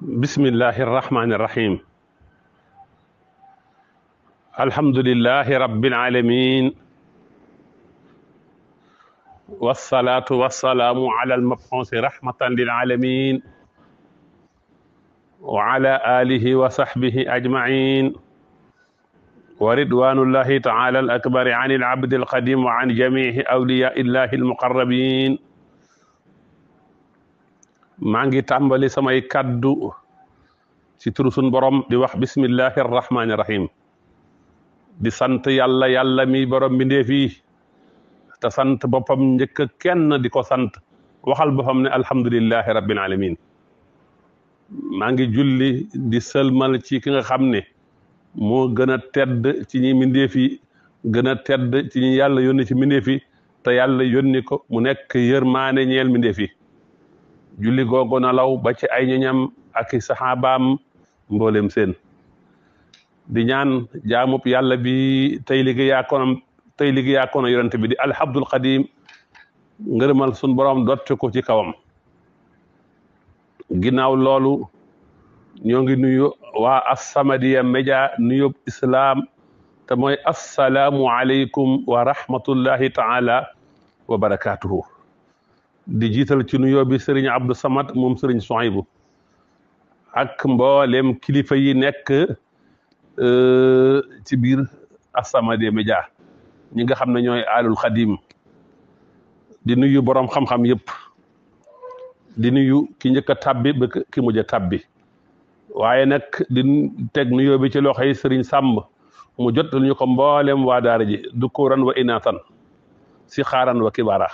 bismillahi irrahmani irrahim alhamdulilahi rabilalamin wasalaatu wasalaamu ala almabuusi rahmatan lilalamin wa ala alihi wa sahbihi ajmain wa ridwanullahi taala alakbari an ilabdi alqadim wa an jamici awliya illahi almuqarrabin maa ngi tàmbali samay kàddu ci turu sunu borom di wax bismillahi arrahmani rahim di sant yàlla yàlla mi borom mbindeef yi te sant boppam njëkk kenn di ko sant waxal boppam ne alhamdulillahi rabbil alamin maa ngi julli di sëlmal ci ki nga xam ne moo gën a tedd ci ñi mbindeef yi gën a tedd ci ñi yàlla yónni ci mbindeef yi te yàlla yónni ko mu nekk yërmaane ñeel mbindeef yi julli googu na law ba ci ay ñoñam ak i mboolem seen di ñaan jaamub yàlla bi tey liggéey yaakoonam tey liggéey yaakoona yonent bi di alhabdul qadim ngërëmal sun borom dotti ko ci kawam ginnaaw loolu ñoo ngi nuyu waa As-Samadiyya Média nuyób islaam te mooy assalaamu aleykum wa rahmatullahi taala wa barakatuhu di jiital ci nuyoo bi sëriñ Abdou Samad moom sëriñ Sohaybu ak mboolem kilifa yi nekk euh, ci biir As-Samadiyya Média ñi nga xam ne ñooy aalul xadim di nuyu boroom xam-xam yëpp di nuyu ki njëkk a tabbi ba ki mujj a waaye nag di teg nuyoo bi ci loxo yi sëriñ Sàmb mu jot ñu ko mboolem waa daara ji dukkóoran wa inaatan si xaaran wa kibaara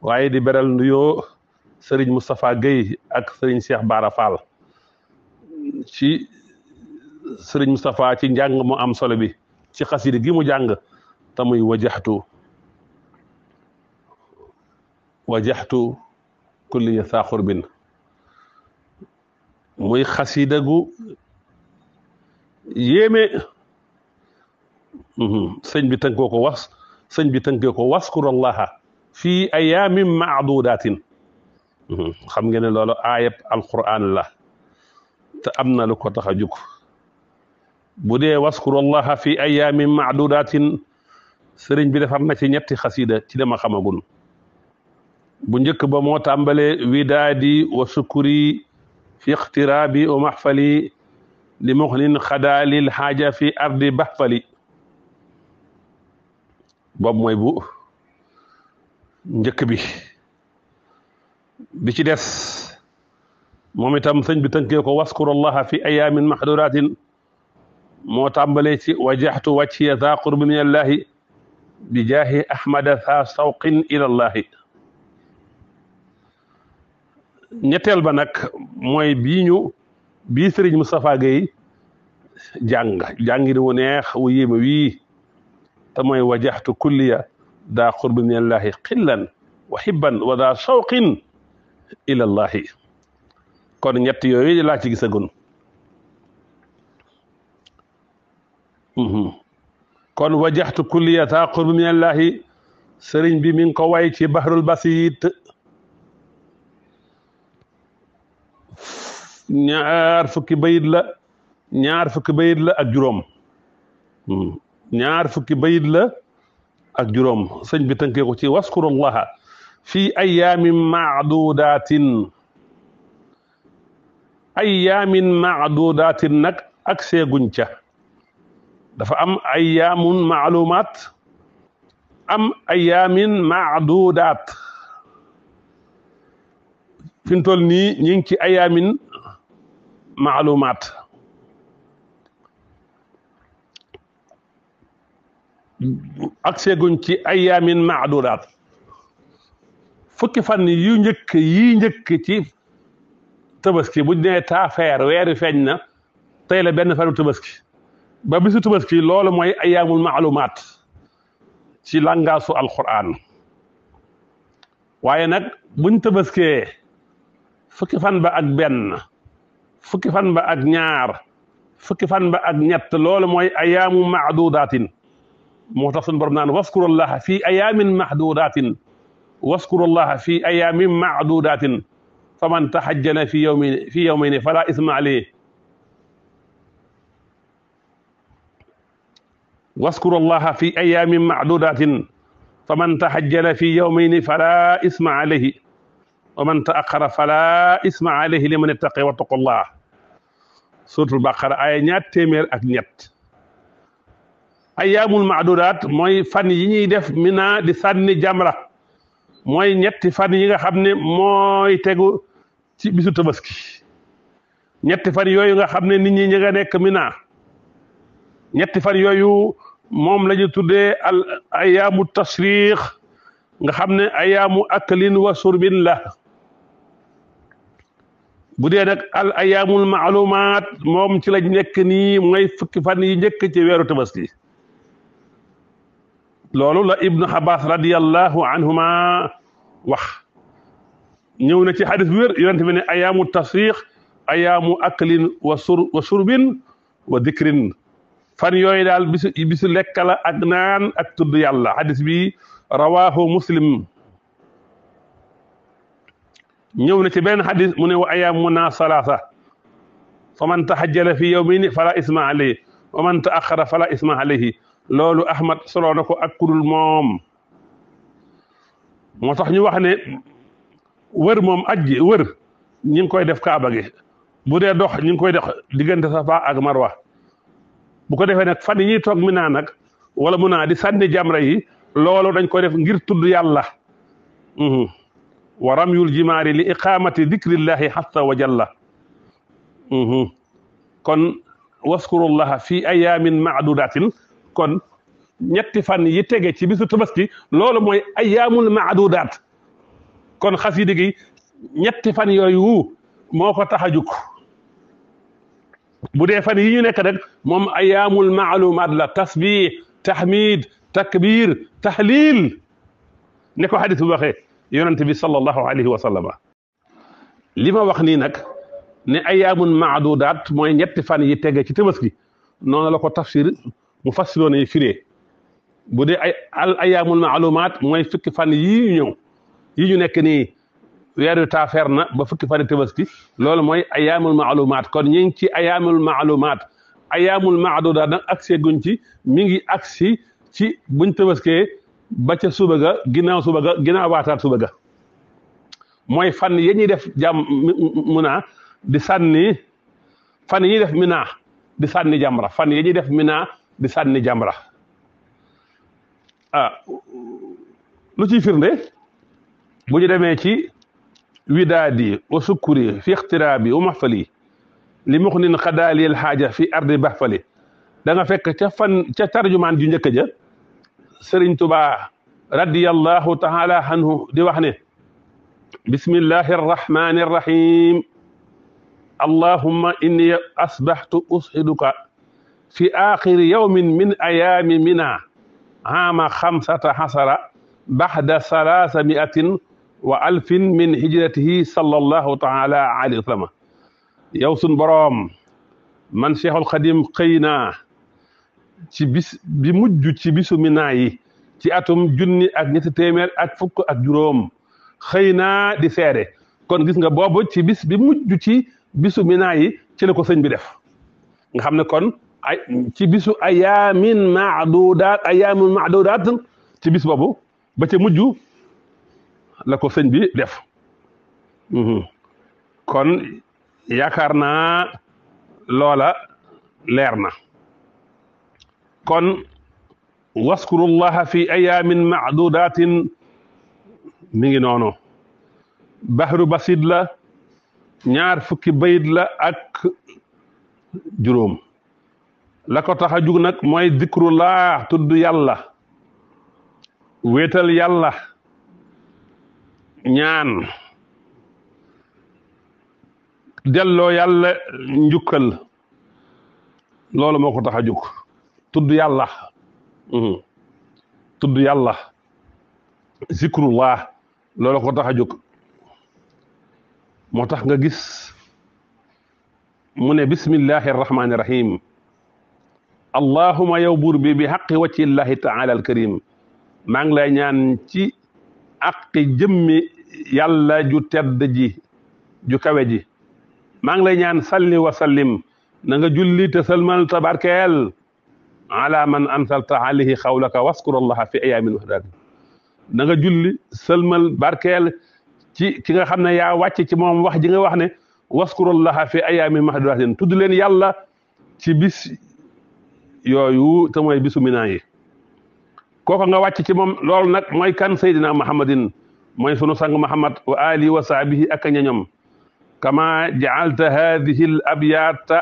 waaye di beral nuyoo sëriñ Moustapha Guèye ak sëriñ Cheikh Bara Fall ci sëriñ Moustapha ci njàng mu am solo bi ci xasida gi mu jàng te muy wajaxtu wajaxtu kulli saa xurbin muy xasida gu yéeme mhm. sëñ bi tënkoo ko was sëñ bi tënkee ko was waskurullaha fii ayaamin maadudatin mhm. xam ngeen ne loolu aayab alquran la te am na lu ko bu dee waskurullaha fi ayaamin maadudatin sëriñ bi defar na ci ñetti xasida ci dama xamagul bu njëkk ba moo tàmbale widaadi wa sukuri fi ixtiraabi wa maxfali li muxnin xadaalil xaaja fi ardi baxfali boobu mooy bu njëkk bi bi ci des moom itam sëñ bi tënkee ko waskurullaha fi ayaamin mahduuratin moo tàmbalee ci wajaxtu wàcciya za qurbi min allahi bi jaahi ahmada sa sawqin ila allahi ñetteel ba nag mooy bii ñu bii Serigne Moustapha Gueye jàng jàngin wu neex wu yéeme wii te mooy wajaxtu kulliya daa qurbi min allahi xillan wa hibban wa daa shawqin ila allahi kon ñett yooyu laa ci gisagun mhm. kon wajaxtu kulliyata qurbi min allahi sëriñ bi mi ngi ko way ci bahrul basit ñaar fukki bayit la ñaar fukki bayit la ak juróom mhm. ñaar fukki bayit la ak juróom sëñ bi tënkee ko ci waskurullaha fi ayaamin maadudatin ayaamin maadudatin nag ak seeguñ ca dafa am ayaamun maalumaat am ayaamin maadudaat fi mu toll nii ñi ngi ci ayaamin maalumaat accès guñ ci ayaamin maadudaat fukki fan yu njëkk yi njëkk ci tabaski bu nee taafeer weeri feeñ na tey la benn fanu tabaski ba bisu tabaski loolu mooy ayaamul maalumaat ci langaasu alquran waaye nag buñ tabaskee fukki fan ba ak benn fukki fan ba ak ñaar fukki fan ba ak ñett loolu mooy ayaamu maadudaatin moo tax suñu borom naan waskurullaha fi ayamin mahdudatin waskurullaha fi ayamin mahdudatin faman tahajjala fi yawmi fi yawmayni fala isma alayhi waskurullaha fi ayamin mahdudatin faman tahajjala fi yawmayni fala isma alayhi wa man taaxara fala isma alayhi liman ittaqa wattaqullah suratul baqara aaya ñaar téeméer ak ñett ayyaamul maadudaat mooy fan yi ñuy def mina di sànni jamra mooy ñetti fan yi nga xam ne mooy tegu ci bisu tabaski ñetti fan yooyu nga xam ne nit ñi ñi nga nekk mina ñetti fan yooyu moom la ñu tuddee al ayaamu tashriq nga xam ne ayaamu aklin wa surbin la bu dee nag al ayaamul maalumaat moom ci lañ nekk nii mooy fukki fan yi njëkk ci weeru tabaski loolu la ibnu abbas radiallahu anhuma wax ñëw na ci xadis bi wér yonente bi ne ayaamu tasriix ayaamu aklin wa sur wa surbin wa dikrin fan yooyu daal bisu bisu lekk la ak naan ak tudd yàlla xadis bi rawaahu muslim ñëw na ci benn xadis mu ne wa ayaamuna salaasa fa man tahajjala fi yawmin fala isma alayhi wa man taaxara fala isma alayhi loolu Ahmad solo na ko ak kudul moom moo tax ñu wax ne wër moom ajji wër ñi ngi koy def kaaba gi bu dee dox ñi ngi koy dox diggante safa ak marwa bu ko defee nag fan yi ñuy toog mi nag wala mu naa di sànni jamra yi loolu dañ koy def ngir tudd yàlla mhm. wa ramyul jimaari li iqamati dikrillahi hasa wa jalla mhm. kon waskurullaha fi ayamin maadudatin kon ñetti fan yi tege ci bisu tabaski loolu mooy ayyaamul maadudaat kon xasida gi ñetti fan yooyu moo ko tax a bu dee fan yi ñu nekk rek moom ayyaamul maalumaat la tasbih tahmid takbir tahlil ne ko xadis bu waxee yonent sallallahu alayhi wa sallama wax nii nag ne ayyaamun maadudaat mooy ñetti fan yi tege ci tabaski noonu la ko mu mufassiroon yi firee bu dee ay al ayaamul maalumaat mooy fukki fan yii ñëw yi ñu nekk nii weeru taafeer na ba fukki fan tabaski loolu mooy ayaamul maalumaat kon ñu ngi ci ayaamul maalumaat ayaamul maaduda nag agsi guñ ci mi ngi aksi ci buñ tabaskee ba ca suba ga ginnaaw suba ga ginnaaw waataat suba ga mooy fan yi ñuy def jàmm munaa di sànni fan yi ñuy def minaa di sànni jamra fan yi ñuy def minaa di sànni jàmbara ah lu ciy firnde bu ñu demee ci widaadi wa sukkuri fi ixtiraabi wa mahfali li muxnin xadaali al xaaja fi ardi bahfali da nga fekk ca fan ca tarjumaan ju njëkk ja sëriñ tubaa radiyallahu taala anhu di wax ne bismillahi arrahmani arrahim allahumma inni asbaxtu usxiduka fi axiri yawmin min ayaami mina ama xamsata xasara baxda salaasa miatin wa alfin min hijratihi sallallahu taala alayhi wa sallama yow sun boroom man cheikhul xadim xëy naa ci bis bi mujj ci bisu minaa yi ci atum junni ak ñetti téeméer ak fukk ak juróom xëy naa di seede kon gis nga boobu ci bis bi mujj ci bisu minaa yi ci la ko sëñ bi def nga xam ne kon ay ci bisu ayaamin maadudaat ayaamin maadudaat ci bis boobu ba ci mujj la ko sëñ bi def mhm. kon yaakaar naa loola leer na kon waskurullaha fi ayaamin maadudatin mi ngi noonu bahru basid la ñaar fukki bayit la ak juróom la ko tax a jug nag mooy dikrullah tudd yàlla wéetal yàlla ñaan delloo yàlla njukkal loolu moo ko tax a jug tudd yàlla mm-hmm. tudd yàlla zikrullah loolu ko tax a jóg moo tax nga gis mu ne bismillahi rahmaani rahim allahuma yow buur bi bi xaqi waccillahi taala alkarim maa ngi lay ñaan ci aqi jëmmi yàlla ju tedd ji ju kawe ji maa ngi lay ñaan salli wa sallim na nga julli te salmal tabarkeel ala man ansalta alayhi xawlaka waskur allaha fi ayaamin mahdaad na nga julli salmal barkeel ci ki nga xam ne yaa wàcc ci moom wax ji nga wax ne waskur allaha fi ayaamin mahdaad tudd leen yàlla ci bis yooyu te mooy bisu minaa yi kooku nga wàcc ci moom loolu nag mooy kan Seydina Muhammadin mooy sunu sang Muhammad wa alihi wa sahbihi ak ñoñom kama jaalta hadihi al abyata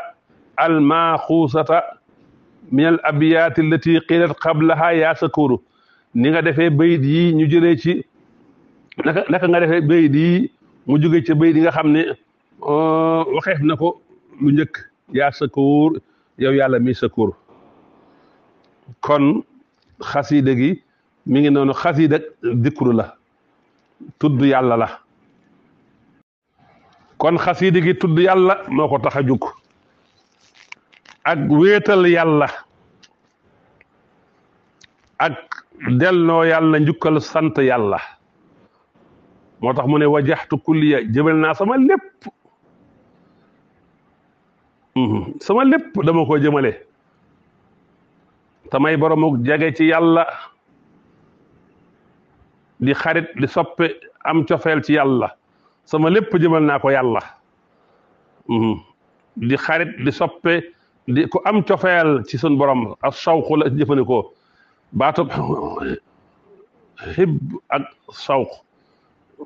al maxuusata min al abyati allati qilat qablaha ya sakuru ni nga defee bayit yi ñu jëlee ci naka nga defee bayit yi mu jóge ci bayit yi nga xam ne euh, waxeef na ko lu njëkk yaa sakuur yow yàlla sa sakuur kon xasida gi mi ngi noonu xasida dikru la tudd yàlla la kon xasida gi tudd yàlla moo ko tax a jóg ak wéetal yàlla ak delloo yàlla njukkal sant yàlla moo tax mu ne wajaxtu kulliya jëbal naa sama lépp mhm, sama lépp dama ko jëmale tamay boromuk jege ci yàlla di xarit di soppe am cofeel ci yàlla sama lépp jëmal naa ko yàlla mm-hmm. di xarit di soppe di ko am cofeel ci suñ borom ak sawq la jëfandikoo baatu xib ak sawq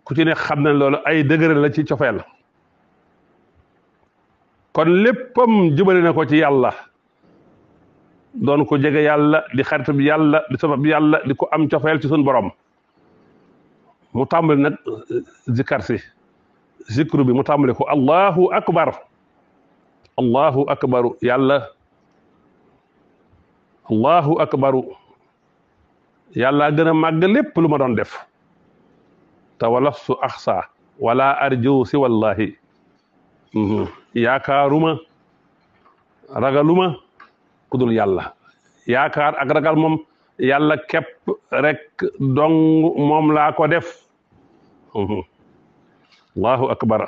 ku ci ne xam na loolu ay dëgëral la ci cofeel kon léppam jubale na ko ci yàlla doon ko jege yàlla di xarit bi yàlla di yàlla di ko am cofeel ci suñu borom mu tàmbali nag euh, zikar si zikru bi mu tàmbali ko allahu akbar allahu akbaru yàlla allahu akbaru yàlla gën a màgg lépp lu ma doon def te wala su axsa wala arju si wallahi mhm. yaakaaruma ragaluma kudul yàlla yaakaar ak ragal moom yàlla képp rek dong moom laa ko def allahu akbar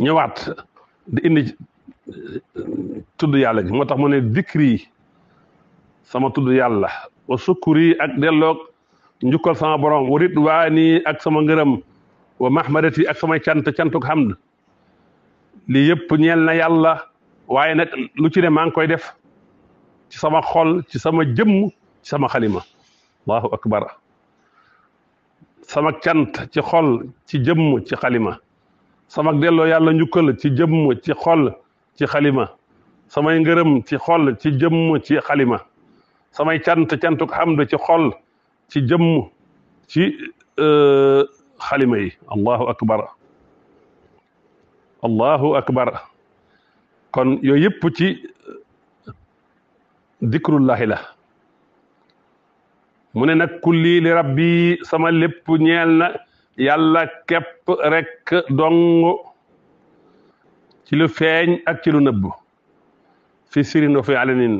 ñëwaat di indi tudd yàlla gi moo tax mu ne dikri sama tudd yàlla wa sukkuri ak delloog njukkal sama borom wa ridwaani ak sama ngërëm wa mahmadati ak sama cantuk hamd li yëpp ñeel na yàlla waaye nag lu ci ne maa ngi koy def ci sama xol ci sama jëmm ci sama xalima allahu akbar sama cant ci xol ci jëmm ci xalima sama delloo yàlla njukkal ci jëmm ci xol ci xalima samay ngërëm ci xol ci jëmm ci xalima samay cant cantu cantuk hamd ci xol ci jëmm ci euh, xalima yi allahu akbar allahu akbar kon yooyu yëpp ci uh, dikrullahi la mu ne nag kulli li rabbi sama lépp ñeel na yàlla képp rekk dong ci lu feeñ ak ci lu nëbb fi sirin wa fi alanin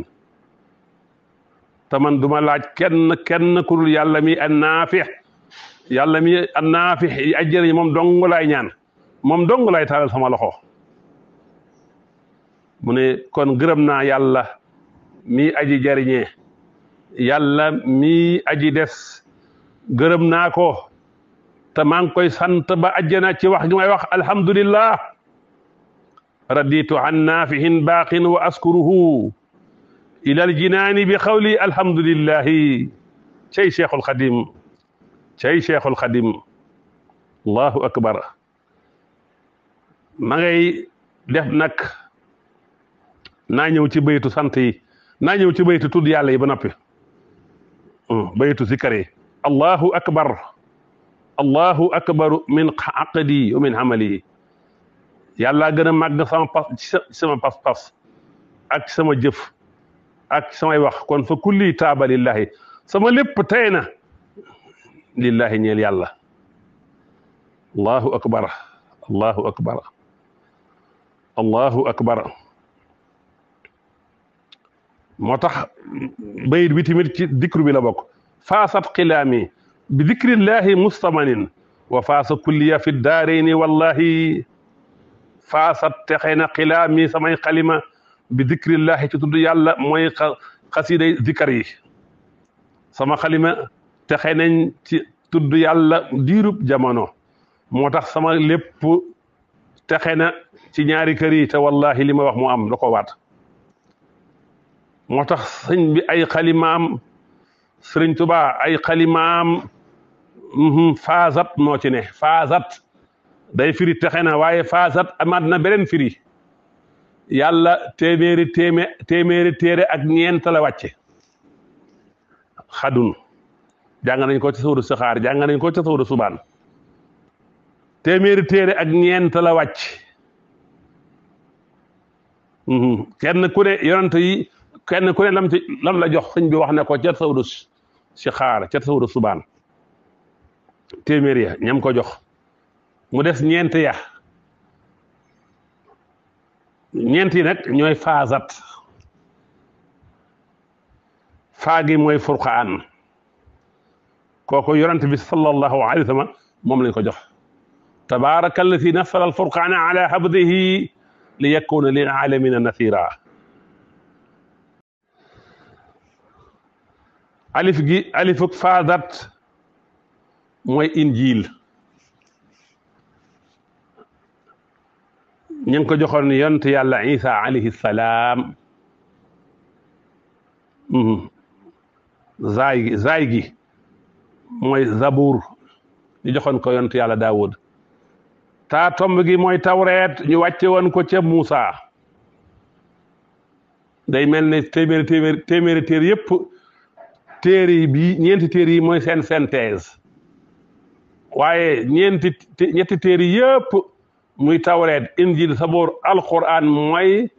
te man duma laaj kenn kenn ku dul yàlla mi annaafi yàlla mi annaafi ajjëriñ moom dong laay ñaan moom dong lay taalal sama loxo mu ne kon gërëm naa yàlla mi aji jariñee yàlla mi aji des gërëm naa ko te maa ngi koy sant ba ajjana ci wax gi may wax alhamdulillah raditu an naafihin baaqin wa askuruhu ilal jinaani bi xawli alhamdulillahi cey cheikhul xadim cey cheikhul xadim allahu akbar ma ngay def nag naa ñëw ci baytu sant yi naa ñëw ci baytu tudd yàlla yi ba noppi hmm, baytu zikar yi allahu akbar allahu akbaru min aqdi wa min amali yàlla gën a màgg sama pas pas ak sama jëf ak ci samay wax kon fa kulli taaba lillahi sama lépp tey na lillahi ñeel yàlla allahu akbar allahu akbar allahu akbar moo tax bayit bi tamit ci dikru bi la bokk faasat xilaami bi dikrillahi mustamanin wa faasa kulliya fi daarayni wallahi faasat texee na xilaami samay xalima bi dikrillahi ci tudd yàlla mooy xasiday zikar yi sama xalima texee nañ ci tudd yàlla diirub jamono moo tax sama lépp texe na ci ñaari kër yi te wallahi li ma wax mu am la ko waat moo tax sëñ bi ay xalimaam sëriñ Tuubaa ay xalimaam mhm, faazat moo ci ne faazat day firi texe na waaye faasat amaat na beneen firi yàlla téeméeri téeméeri téere ak ñeent la wàcce xadun jàng nañ ko ci sawru saxaar jàng nañ ko ci sawru subaan téeméeri téere ak ñeent la wàcc Mhm. kenn ku ne yonent yi kenn ku ne lam ci la jox sëñ bi wax ne ko cat sawdu si xaar cat sawdu subaan téeméer ya ñam ko jox mu des ñeent ya ñeent yi nag ñooy faasat gi mooy furqaan kooku yonent bi sallallahu alayhi wa sallam moom lañ ko jox li yakuna lil aalamina nasira alif gi alifuk faadat mooy injiil ñu ngi ko joxoon yonent yàlla isa alayhi salaam zaay gi zaay gi mooy zabuur ñu joxoon ko yonent yàlla daawud ta tomb gi mooy tawreet ñu wàcce woon ko ceeb Muusa day mel ne téeméeri téeméeri téeméeri téer yëpp bi ñeenti téer yi mooy seen synthèse waaye ñeenti ñetti téeri yëpp muy tawreet injil saboor alquran mooy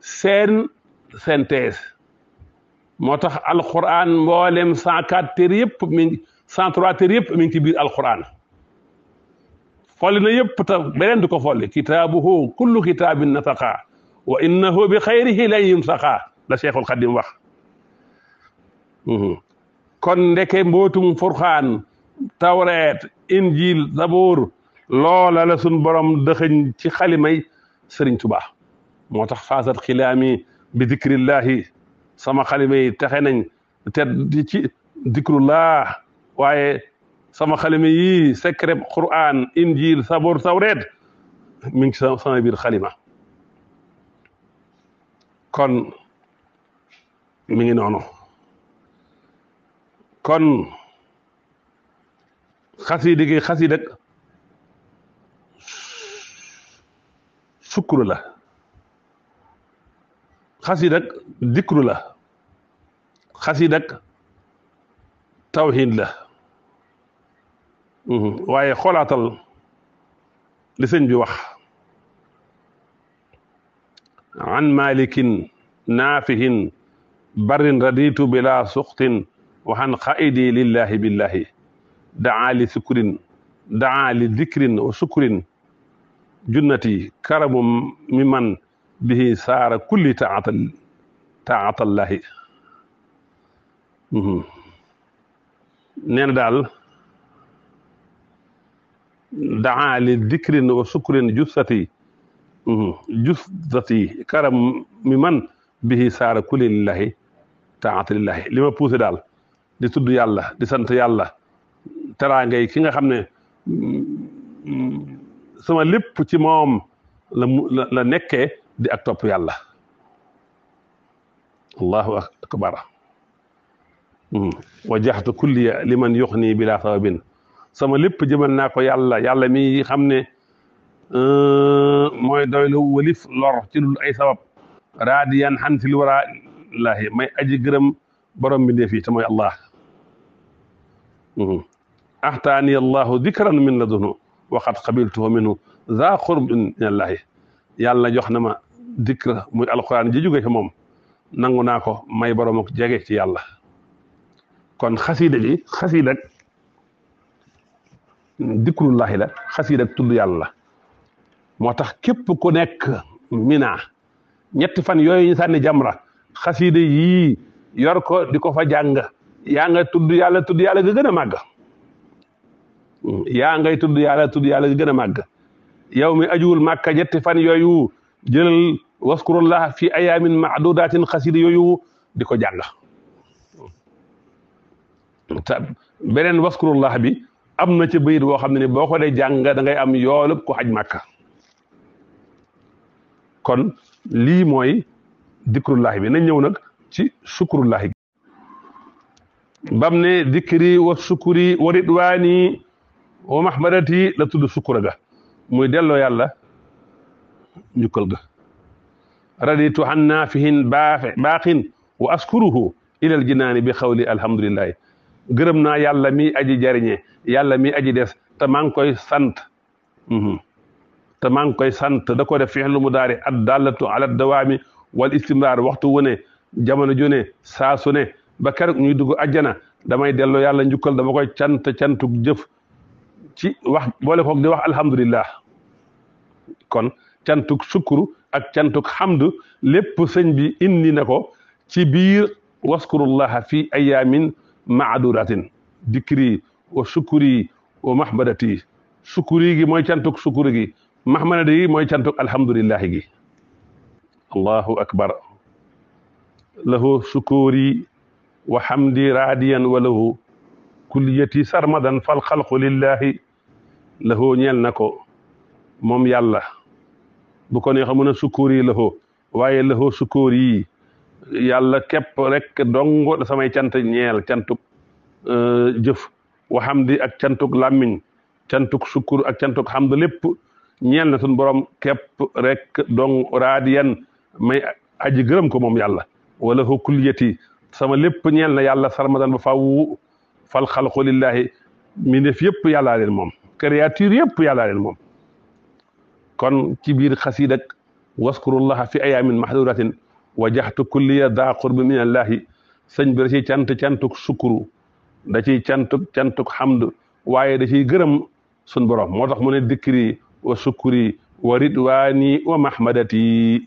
seen synthèse moo tax alquran mboolem cent quatre téer yëpp mi cent trois téer yëpp mi ngi ci biir folli na yëpp te beneen du ko kol folli kitaabuhu kullu na nataqaa wa innahu bi xayrihi la yumsaqaa la cheikhul xadim wax mhm. kon ndeke mbootum furxaan tawreet injil zabuur loola la sun borom dëxëñ ci xalimay sëriñ tubaa moo tax faasat xilaami bi dikrillahi sama xalimay taxe nañ te ci dikrullah waaye sama xalima yii secret Qur'an injil saboor sawreet mi ngi sama biir xalima kon mi ngi noonu kon xasida gi xasida sukkuru la xasida dikru la xasida tawhiid la waaye xoolaatal li sëñ bi wax an malikin naafihin barin raditu bila suxtin waxan xaidi lillahi billahi daa li sukurin daa li dikrin wa sukurin junnati karamu mi man bihi saara kulli taata taatallahi nee na daal daa li dikrin wa sukrin jussati mhm. jussati karam mi man bihi saara kuli lillahi taati lillahi li ma puuse daal di tudd yàlla di sant yàlla teraangay ki nga xam ne mm, sama lépp ci moom la la nekkee di ak topp yàlla allahu akbar mhm. wajaxtu kulliya liman yuxni bila sababin sama lépp jëmal naa ko yàlla yàlla mi xam ne euh, mooy doylu walif lor ci lul ay sabab raadiyan xantil wara laahi may aji gërëm borom bi ndeef yi te mooy allah axtaani allahu dikran min ladunu waxat qabiltuhu minhu za qurbin min allahi yàlla jox na ma dikra muy alquran ji jóge ci moom nangu naa ko may borom ak ci yàlla kon xasiida ji dikrullahi la xasida tudd yàlla la moo tax képp ku nekk mina ñetti fan yooyu ñu sànni jamra xasida yii yor ko di ko fa jàng yaa nga tudd yàlla tudd yàlla ga gën a màgg yaa ngay tudd yàlla tudd yàlla ga gën a màgg yow mi ajuwul màkka ñetti fan yooyu jëlal waskurullah fi ayaamin maadudatin xasida yooyu di ko jàng beneen waskurullah bi am na ci bayit boo xam ne ni boo ko dee jàng da am yoolub ko xaj màkka kon lii mooy dikrullahi bi na ñëw nag ci sukrullahi bam ne dikri wa sukuri wa ridwaani wa mahmadati la tudd sukura ga muy delloo yàlla njukkal ga raditu hanna fihin baaxin wa askuruhu ilal jinaani bi xawli alhamdulillahi gërëm naa yàlla mi aji jariñe yàlla mi aji des te maa ngi koy sant mhm. te maa ngi koy sant da ko def fi'lu mudaari ad dallatu ala dawaami wal istimraar waxtu wu ne jamono ju ne saa ba keroog ñuy dugg àjjana damay dello yàlla njukkal dama koy cant cantug jëf ci wax boole koog di wax alhamdulillah kon cantug sukuru ak cantug xamdu lépp sëñ bi indi na ko ci waskurullaha fi ayamin maaduratin dikri wa sukuri wa mahmadati sukuri mooy cantuk sukuri gi mahmadati gi mooy cantuk alhamdulillahi gi allahu akbar lahu sukuri wa hamdi raadiyan wa lahu kulliyati sarmadan fal xalqu lillahi lahu ñeel na moom yàlla bu ko neexee mën a sukuri lahu waaye lahu yàlla képp rek dongo la samay cant ñeel cantuk euh, jëf waxamdi ak cantuk làmmiñ cantuk sukkur ak cantuk xamd lépp ñeel na sun borom képp rek dong raadiyan may aji gërëm ko moom yàlla wala hu kulliyati sama lépp ñeel na yàlla sarmadan ba fawwu fal xalqu lillahi mi def yëpp yàllaa leen moom créature yëpp yàllaa leen moom kon ci biir xasiid ak fi ayaamin mahduuratin wajaxtu kulliya daa qurbi min allahi sëñ bi da ciy cant cantuk sukuru da cantu cantu cantuk xamd waaye da ciy gërëm sun borom moo tax mu ne dikri wa sukuri wa ridwaani wa mahmadati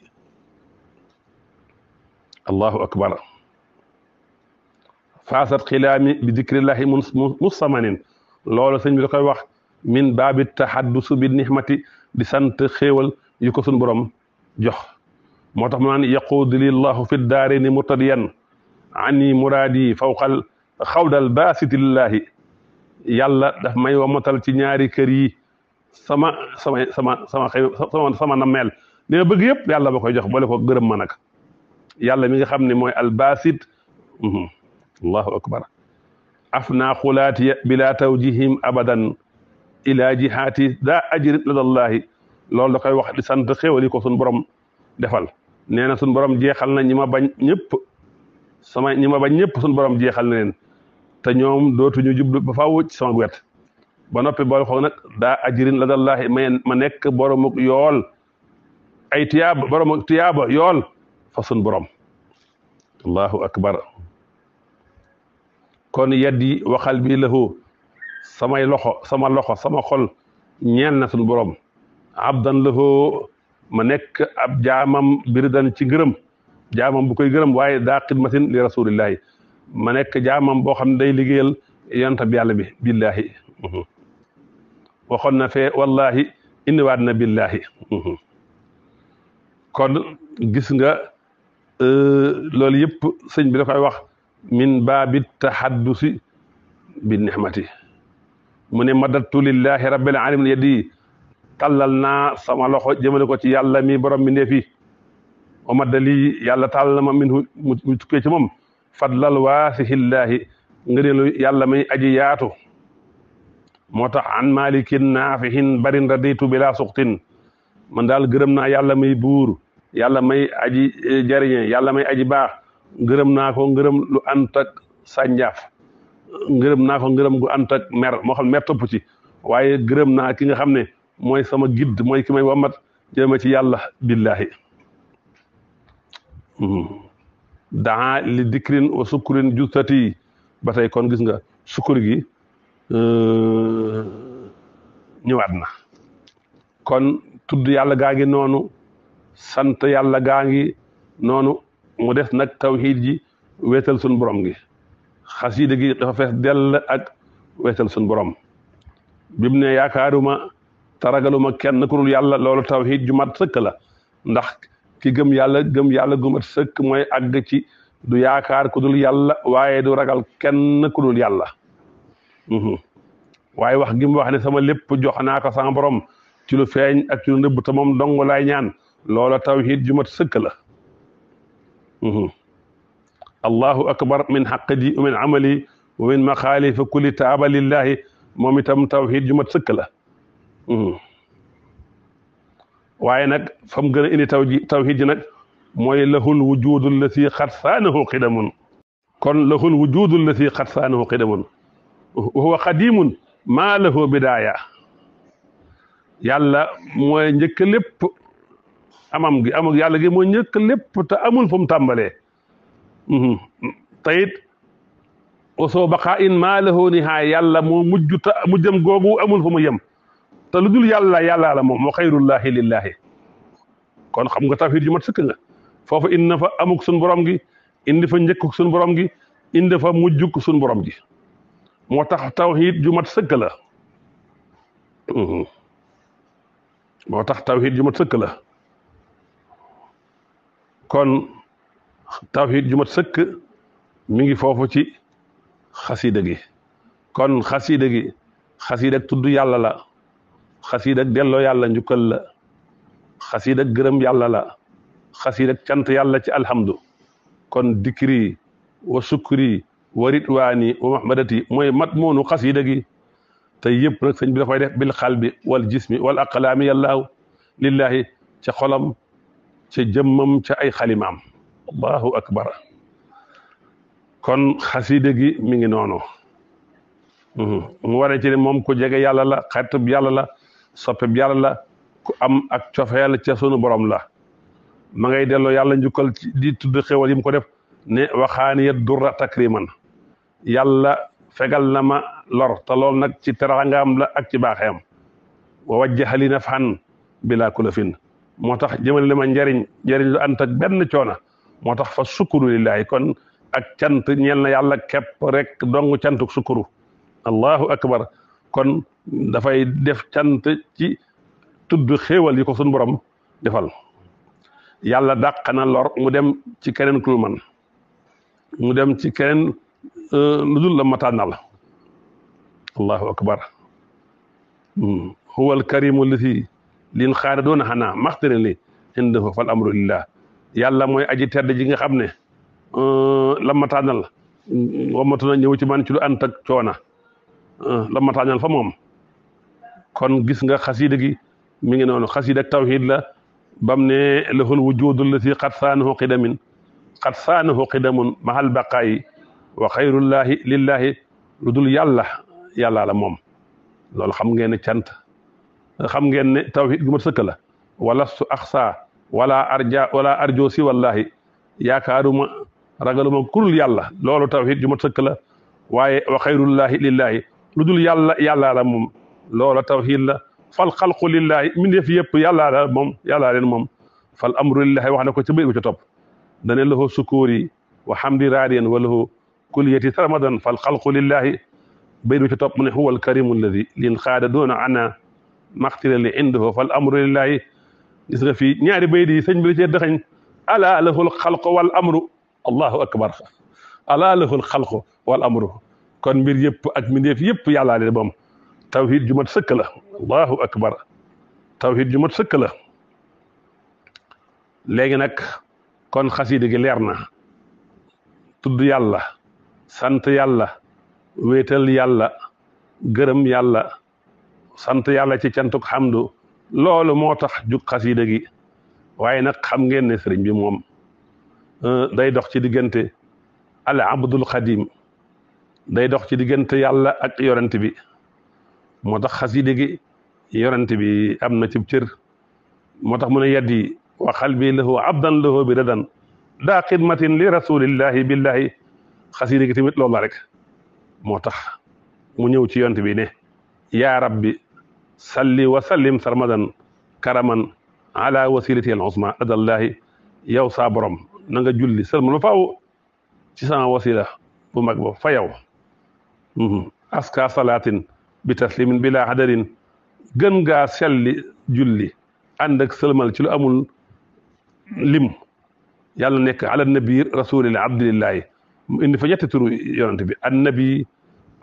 allahu akbar faasat xilaami bi dikrillahi mussamanin loolu sëñ bi da koy wax min baabi tahaddusu bi nihmati di sant xéewal yu ko sun borom jox moo tax mu naan yaquudu lillahu fi daarini mutadiyan ani muraadi fawqal xawdal baasitillaahi yàlla daf may wa motal ci ñaari kër yi sama sama sama sama xëy sama sama nammeel li ma bëgg yëpp yàlla ma koy jox boole ko gërëm ma nag yàlla mi nga xam ne mooy albaasit mhm. allahu akbar afnaa xulaatiya bila tawjihim abadan ilaa jihaati daa ajri ladallahi loolu da koy wax di sant xéwali ko sun borom defal nee na suñu borom jeexal na ñi ma bañ ñëpp sama ñi ma bañ ñëpp suñu borom jeexal na leen te ñoom dootuñu jublu ba faaw ci sama wet ba noppi boole xoog nag daa ajirin la dallaahi may ma nekk borom ak yool ay tiyaaba borom ak tiyaaba yool fa suñu borom allahu akbar kon yaddi waxal bi lahu samay loxo sama loxo sama xol ñeel na suñu borom abdan lahu ma nekk ab jaamam biridan ci ngërëm jaamam bu koy gërëm waaye daa xidmatin li rasulillahi ma nekk jaamam boo xam ne day liggéeyal yonta bi yàlla bi billahi uhuh. waxoon na fee wallahi indiwaat na billahi uhuh. kon gis nga euh, loolu yëpp sëñ bi da wax min baabi tahaddusi bi mu ne madattu lillahi rabbil alamin yadi tàllal naa sama loxo jëmale ko ci yàlla mi borom mi ndeefi wa maddali yàlla tàllal ma min mu tukkee ci moom fadlal waasihillaahi ngëneelu yàlla may aji yaatu moo tax an malikin naafihin barin raditu bila suxtin man daal gërëm na yàlla may buur yàlla may aji e, jariñe yàlla may aji baax ngërëm naa ko ngërëm lu ànd ak sànjaaf ngërëm naa ko ngërëm gu ànd ak mer moo xam mer topp waaye gërëm naa ki nga xam ne mooy sama gidd mooy ki may wamat jëme ci yàlla billahi hmm. daa li dikrin wa sukkurin jutati ba tey kon gis nga sukkur gi euh, ñëwaat na kon tudd yàlla gaa ngi noonu sant yàlla gaa ngi noonu mu des nag tawxiid ji weetal sun borom gi xasiida gi dafa fees dell ak weetal sun borom bi yaakaaruma te ragaluma kenn ku dul yàlla loolu tawhid ju mat sëkk la ndax ki gëm yàlla gëm yàlla gu mat sëkk mooy àgg ci du yaakaar ku dul waaye du ragal kenn ku dul yàlla mhm. waaye wax gi wax ne sama lépp jox naa ko sama borom ci lu feeñ ak ci lu nëbb te moom dong laay ñaan loola tawhid ju mat sëkk la mhm. allahu akbar min xaqidi wa wa min maqaali fa kulli taaba lillahi moom itam tawhid ju mat sëkk la waaye nag fa mu gën a indi taw ji tawhid ji nag mooy lahul wujudul la si xat saanahu qidamun kon lahul wujudul la si xat saanahu qidamun wa huwa qadimun maa lahu bidaaya yàlla mooy njëkk lépp amam gi amam yàlla gi mooy njëkk lépp te amul fu mu tàmbalee tayit osoo baqaa in maa lahu nihaaya yàlla moo mujj ta mujjam googu amul fu mu yem te lu dul yàlla yàllaa la moom wa xayrullahi lillahi kon xam nga tawxiid ju mat sëkk nga foofu indi na fa amuk suñu borom gi indi fa njëkkuk suñu borom gi indi fa mujjuk suñu borom gi moo tax tawxiid ju mat sëkk la mm-hmm. moo tax tawxiid ju mat sëkk la kon tawxiid ju mat sëkk mi ngi foofu ci xasiida gi kon xasiida gi xasiida tudd yàlla la xasiid ak delloo yàlla njukkal la xasiid ak gërëm yàlla la xasiid ak cant yàlla ci alhamdu kon dikri wa sukri wa ridwaani wa mahmadati mooy mat moonu xasiida gi te yëpp nag sëñ bi dafay def bil xalbi wal jismi wal aqlaami yàllaahu lillahi ca xolam ca jëmmam ca ay xalimaam allahu akbar kon xasiida gi mi ngi noonu mu ci ne moom ku jege yàlla la xaritub yàlla la soppeb yàlla la ku am ak cofeel ca sunu borom la ma ngay delloo yàlla njukkal di tudd xewal yi mu ko def ne waxaaniyat durra takriman yàlla fegal na ma lor te lool nag ci teraangaam la ak ci baaxeem wa wajjahali nafhan bila kulafin moo tax jëmale ma njariñ njariñ lu ànd ak benn coona moo tax fa sukkuru lillahi kon ak cant ñeel na yàlla képp rek dong cantuk sukkuru allahu akbar kon dafay def cant ci tudd xéewal yi ko suñu borom defal yàlla dàq na lor mu dem ci keneen ku man mu dem ci keneen euh, lu dul la mataanal allahu akbar hmm. huwa alkarimu lati lin xaada doona xanaa maxtari li indahu fal amru lillah yàlla mooy aji tedd ji nga xam ne euh, la mataanal wamatu na ñëw ci man ci lu ànd ak coona Ah, la ma taañal fa moom kon gis nga xasida gi mi ngi noonu xasida ak tawhid la bam ne lahul wujudul la si xat saanahu qidamin xat saanahu qidamun maxal baqaayi wa xayrullahi lillahi lu dul yàlla yàlla la moom loolu xam ngeen ne cant xam ngeen ne tawhid gu ma sëkk la wala su axsa wala arja wala arjo si wallahi yaakaaruma ragaluma kurul yàlla loolu tawhid ju ma sëkk la waaye wa xayrullahi lillahi lu dul yàlla yàllaa la moom loola tawxiid la fal xalqu lillahi mbindeef yëpp yàllaa la moom yàllaa leen moom fal amru lillahi wax na ko ci mbir ko ci topp dane lahu sukuuri wa hamdi raadiyan wa lahu kulliyati sarmadan fal xalqu lillahi bayt bi ci topp mu ne huwa alkarimu alladi lin xaada doona ana maxtira li indahu fal amru lillahi gis nga fii ñaari bayt yi sëñ bi la cee dëxañ alaa lahul xalqu wal amru allahu akbar alaa lahul xalqu wal amru kon mbir yëpp ak mbindeef yëpp yàllaa leen moom tawhid ju mat sëkk la allahu akbar tawhid ju mat sëkk la léegi nag kon xasiida gi leer na tudd yàlla sant yàlla wéetal yàlla gërëm yàlla sant yàlla ci cantuk xamdu loolu moo tax jug xasiida gi waaye nag xam ngeen ne sëriñ bi moom euh, day dox ci diggante al abdul xadim day dox ci diggante yàlla ak yorante bi moo tax xasida gi yorante bi am na ci cër moo tax mu ne yaddi wa xalbi lahu abdan lahu bi radan daa xidmatin li rasulillahi billahi xasida gi tamit loolu la rek moo tax mu ñëw ci yonte bi ne yaa rabbi salli wa sallim sarmadan karaman ala wasilati al usma adallahi yow saa borom na nga julli sërmal ba ci sama wasila bu mag ba fa yow Mm-hmm. aska salaatin bi taslimin bila hadarin gën ngaa selli julli ànd ak sëlmal ci lu amul lim yàlla nekk ala nabi rasulil abdulillahi mu indi fa ñetti turu yonent bi an nabi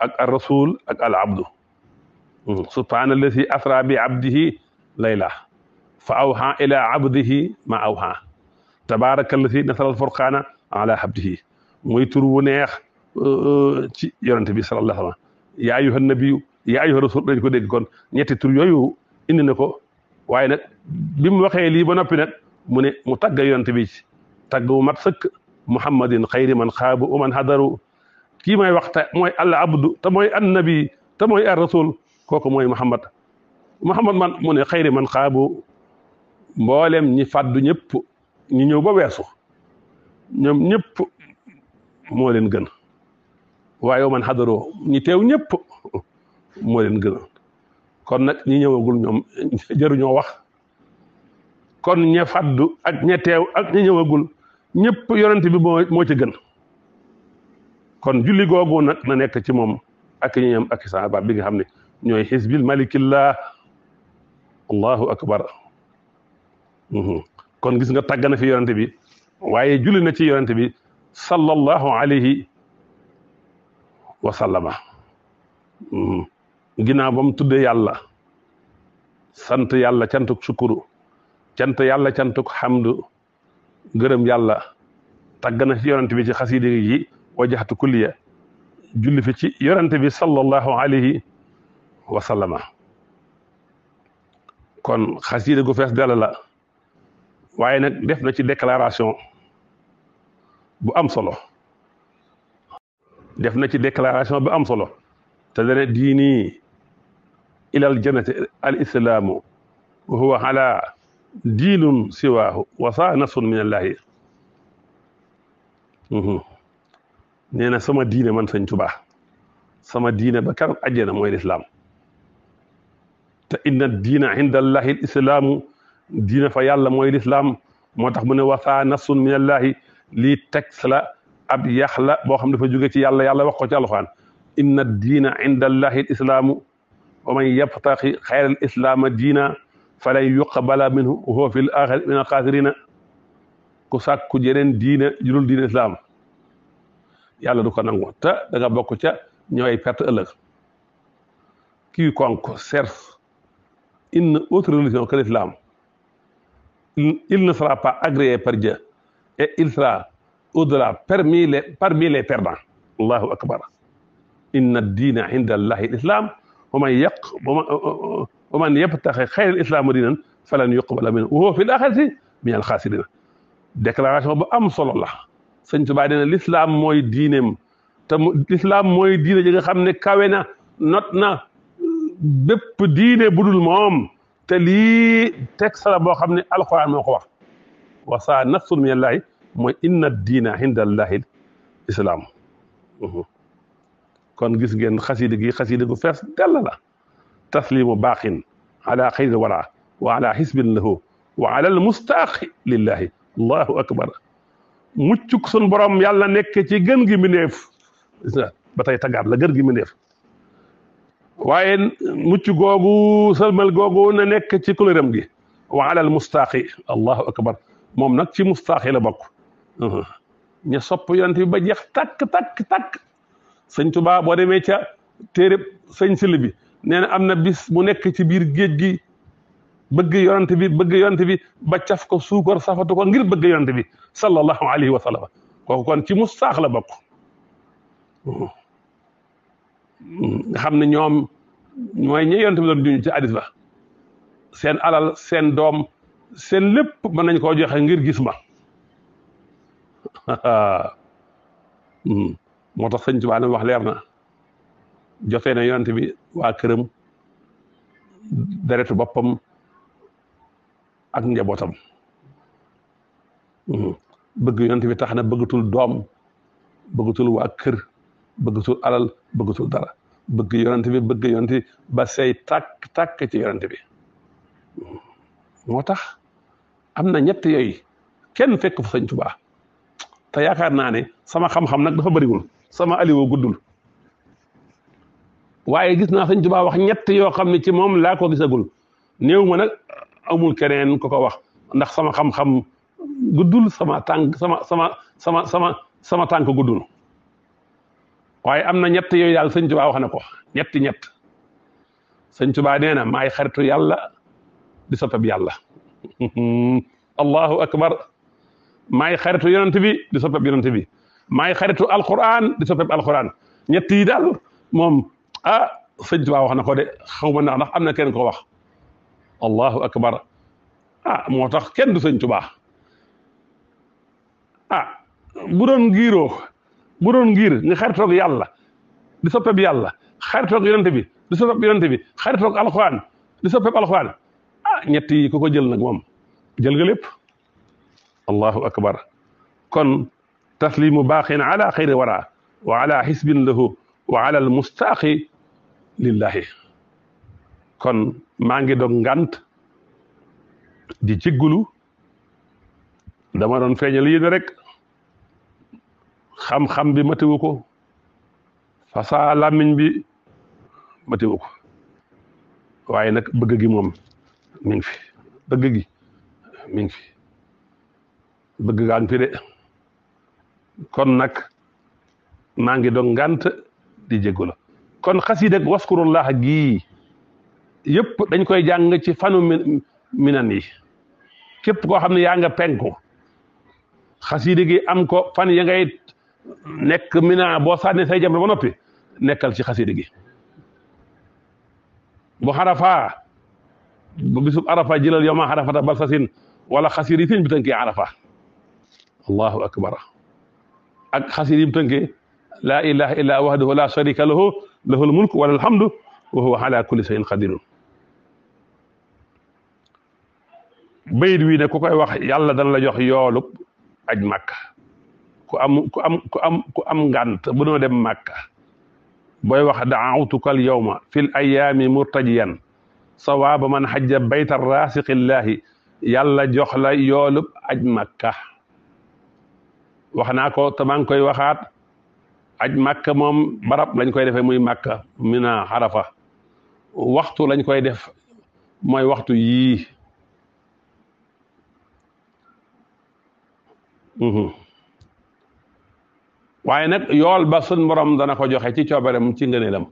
ak ar rasul ak al abdu mm-hmm. subhaana allazi asra bi abdihi layla fa awha ila abdihi ma awha tabaraka allazi nasara al furqaana ala abdihi muy tur wu neex ci yonent bi sallallahu alayhi wa sallam yaa ayyuha nabiyu yaa ayyuha rasul dañ ko dégg kon ñetti tur yooyu indi na ko waaye nag bi mu waxee lii ba noppi nag mu ne mu tagg yonent bi ci tagg bu mat sëkk muhammadin xayri man xaabu wa man hadaru kii may wax te mooy al abdu te mooy annabi te mooy ar rasul kooku mooy muhammad muhammad man mu ne xayri man xaabu mboolem ñi fàddu ñëpp ñi ñëw ba weesu ñoom ñëpp moo leen gën waaye man xadaroo ñi teew ñëpp moo leen kon nag ñi ñëwagul ñoom jëruñoo wax kon ña faddu ak teew ak ña ñëwagul ñëpp bi moo moo ci gën kon julli googu nag na nekk ci moom ak ñi ñam ak saaba bi nga xam ne ñooy xisbil malikillah allahu akbar mhm. kon gis nga tàgg na fi yonent bi waaye julli na ci yonent bi sallallahu alayhi wasallama mm. ginnaaw ba mu tuddee yàlla sant yàlla cantuk sukuru cant yàlla cantuk xamdu gërëm yàlla tàgg na ci yonent bi ci xasida yi wajaxtu kulliya julli fi ci yonent bi sallallahu alayhi wa sallama kon xasida gu fees dell la waaye nag def na ci déclaration bu am solo def na ci déclaration bi am solo te dane diini ilal jannati al islaamu wa huwa ala diinun siwaahu wa saa nasrun min allahi mhm. nee na sama diine man Sëñ Tuubaa sama diine ba kar àjjana mooy lislaam te inna diina inda allahi al islaamu diine fa yàlla mooy lislaam moo tax mu ne wa saa nasrun min allahi lii teg la ab yax la boo xam dafa jóge ci yàlla yàlla wax ko ci alxuraan inna diina inda allahi al islaamu wa man yabtaqi xayra al islaama diina falan yuqbala minhu wa huwa fi l axirati min al xaasirina ku sàkku jeneen diina jurul diina islaam yàlla du ko nangu te da nga bokk ca ñooy perte ëllëg quiconque cherche une autre religion que l'islam il ne sera pas agréé par Dieu et il sera au-delà parmi les parmi les perdants allahu akbar inna diina inda allahi l'islam wa man yaq wa man yabtaxi xayra islaama diinan falan yuqbala minhu wa huwa fi l-axirati min al-xaasiriin déclaration bu am solo la sëñ Tuubaa nee na l'islam mooy diineem te l'islam mooy diine ji nga xam ne kawe na not na bépp diine budul moom te lii texte la boo xam ne alquran moo ko wax wa saa nasrun min allahi mooy inna diina inda llaahi islaam kon gis ngeen xasida gi xasida gu fees dell la taslimu baaxin ala xayri wara wa ala xisbin lahu wa ala al mustaaqi lillahi allahu akbar muccuk sun borom yàlla nekk ci gën gi mineef ba tey tagaat la gën gi mineef waaye mucc googu sëlmal googu na nekk ci kuléram gi wa ala al mustaaqi allahu akbar moom nag ci mustaaqi la bokk ña sopp yonent bi ba jeex takk takk takk sëñ Tuubaa boo demee ca téere sëñ Sili bi nee am na bis mu nekk ci biir géej gi bëgg yonent bi bëgg yonent bi ba caf ko suukar safatu ko ngir bëgg yonent bi sallallahu alayhi wa sallam kooku kon ci mustaax la bokk nga xam ne ñoom mooy ñi yonent bi doon juñ ci hadiis ba seen alal seen doom seen lépp mën nañ koo joxe ngir gis ma Hmm. moo tax sëñ Tuubaa wax leer na jotee na yonent bi waa këram deretu boppam ak njabootam hmm. bëgg yonent bi tax na bëggatul doom bëggatul waa kër bëgg bëggatul alal bëgg bëggatul dara bëgg yonent bi bëgg yonent bi ba say tàkk tàkk ci yonent bi hmm. moo tax am na ñett yooyu kenn fekk fa sëñ Tuubaa te yaakaar naa ne sama xam-xam nag dafa bariwul sama aliwo guddul waaye gis naa sëñ Tuubaa wax ñett yoo xam ne ci moom laa ko gisagul néew ma nag amul keneen ku ko wax ndax sama xam-xam guddul sama tànk sama sama sama sama sama tànk guddul waaye am na ñett yooyu yàlla sëñ Tuubaa wax na ko ñetti ñett sëñ Tuubaa nee maay xaritu yàlla di soppeb yàlla allahu akbar maay xaritu yonent bi di soppeb yonent bi maay xaritu alquran di soppeb alquran ñett yi daal moom ah sëñ Tuubaa wax na ko de xaw ma ndax am na kenn ko wax allahu akbar ah moo tax kenn du sëñ Tuubaa ah bu doon giiroo bu doon giir nga xaritoog yàlla di soppeb yàlla xaritoog yonent bi di soppeb yonent bi xaritoog alquran di soppeb ah ñett yi ko jël nag moom jël nga lépp allahu akbar kon taslimu baaxin ala xayri wara wa ala xisbin lahu wa ala almustaaqi lillahi kon maa ngi dog ngant di jéggulu dama doon feeñal yéen rek xam-xam bi matiwu ko fasaa làmmiñ bi matiwu ko waaye nag bëgg gi moom mi ngi fi bëgg gi mi ngi fi bëgg gaan fi de kon nag maa ngi doon ngant di jégalu la kon xasida ak waskurullah gii yëpp dañ koy jàng ci fanu minan yi képp koo xam ne yaa nga penku xasida gi am ko fan ya ngay nekk mina boo sànni say jamra ba noppi nekkal ci xasida gi bu xarafa bu bisub arafa jëlal yow ma xarafata balsasin wala xasida yi sëñ bi tënkee arafa allahu akbar ak xasida yi mu tënkee laa ilaha illa wahdahu la sharika lahu lahul mulk wala alhamdu wa huwa ala kulli shay'in qadirun bayit wii ne ku koy wax yàlla dana la jox yoolub aj màkka ku am ku am ku am ku am ngànt bu noo dem màkka booy wax daawtuka al yawma fi l ayaami murtajiyan sawaaba man xajja bayta rasiqillahi yàlla jox la yoolub aj màkka wax naa ko maa ngi koy waxaat aj màkka moom barab lañ koy defee muy màkka mina xarafa waxtu lañ koy def mooy waxtu yii mhm. waaye nag yool ba sun borom dana ko joxe ci coobareem ci ngëneelam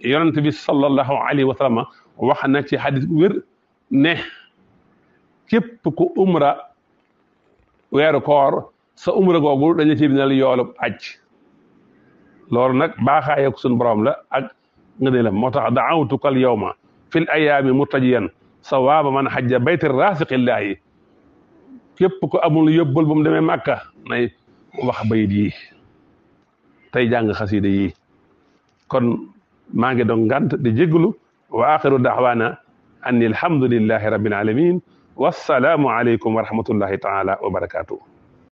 yonent bi sallallahu alayhi wa sallam na ci xadis bu ne képp ku umra weeru koor sa umra googu dañu ci bindal yoolub aj loolu nag baaxaay ak suñu borom la ak nga ne la moo tax daawtuka al yawma fil ayaami murtajiyan sawaaba man xajja baytir raasiqillaahi képp ko amul yóbbal bu mu demee màkka nay wax bayit yi tey jàng xasida yi kon maa ngi doon ngant di jéglu wa axiru daawaana anni alhamdulillahi rabbil alamin wassalaamu aleykum wa rahmatullahi taala wa barakatuh